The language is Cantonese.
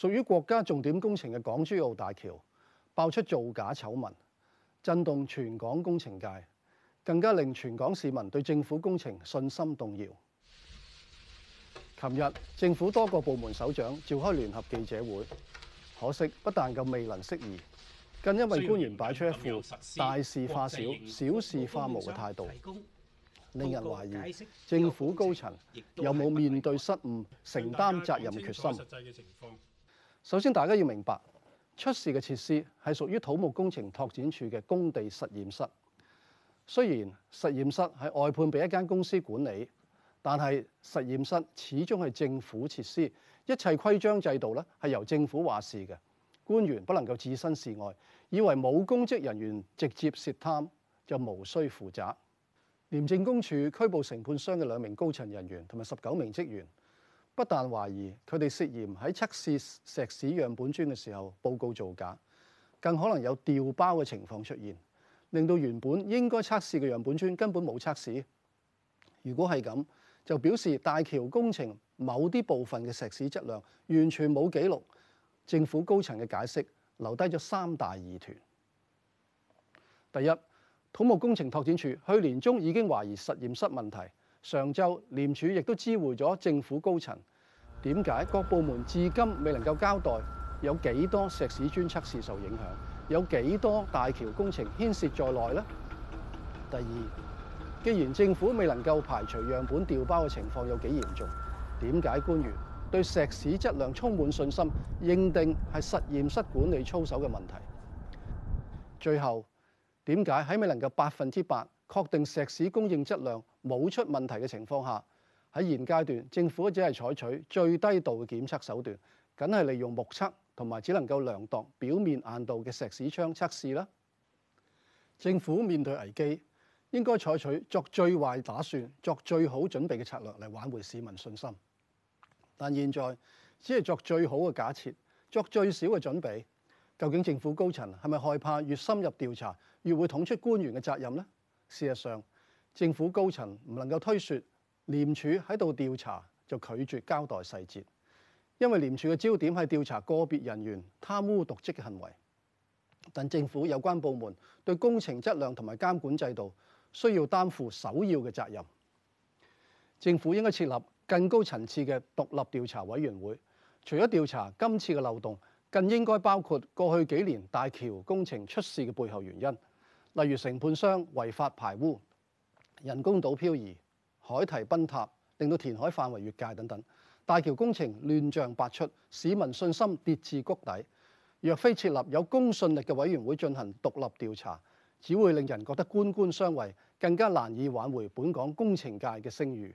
屬於國家重點工程嘅港珠澳大橋爆出造假醜聞，震動全港工程界，更加令全港市民對政府工程信心動搖。琴日政府多個部門首長召開聯合記者會，可惜不但夠未能釋疑，更因為官員擺出一副大事化小、小事化無嘅態度，令人懷疑政府高層有冇面對失誤、承擔責任決心。首先，大家要明白出事嘅設施係屬於土木工程拓展處嘅工地實驗室。雖然實驗室係外判俾一間公司管理，但係實驗室始終係政府設施，一切規章制度咧係由政府話事嘅。官員不能夠置身事外，以為冇公職人員直接涉貪就無需負責。廉政公署拘捕承判商嘅兩名高層人員同埋十九名職員。不但懷疑佢哋涉嫌喺測試石屎樣本磚嘅時候報告造假，更可能有調包嘅情況出現，令到原本應該測試嘅樣本磚根本冇測試。如果係咁，就表示大橋工程某啲部分嘅石屎質量完全冇記錄。政府高層嘅解釋留低咗三大疑團：第一，土木工程拓展署去年中已經懷疑實驗室問題。上週，廉署亦都知會咗政府高層。點解各部門至今未能夠交代有幾多石屎專測試受影響，有幾多大橋工程牽涉在內呢？第二，既然政府未能夠排除樣本調包嘅情況有幾嚴重，點解官員對石屎質量充滿信心，認定係實驗室管理操守嘅問題？最後，點解喺未能夠百分之百確定石屎供應質量冇出問題嘅情況下，喺現階段政府只係採取最低度嘅檢測手段，梗係利用目測同埋只能夠量度表面硬度嘅石屎槍測試啦。政府面對危機，應該採取作最壞打算、作最好準備嘅策略嚟挽回市民信心，但現在只係作最好嘅假設，作最少嘅準備。究竟政府高層係咪害怕越深入調查越會捅出官員嘅責任呢？事實上，政府高層唔能夠推説廉署喺度調查就拒絕交代細節，因為廉署嘅焦點係調查個別人員貪污瀆職嘅行為，但政府有關部門對工程質量同埋監管制度需要擔負首要嘅責任。政府應該設立更高層次嘅獨立調查委員會，除咗調查今次嘅漏洞。更應該包括過去幾年大橋工程出事嘅背後原因，例如承判商違法排污、人工島漂移、海堤崩塌，令到填海範圍越界等等。大橋工程亂象百出，市民信心跌至谷底。若非設立有公信力嘅委員會進行獨立調查，只會令人覺得官官相衛，更加難以挽回本港工程界嘅聲譽。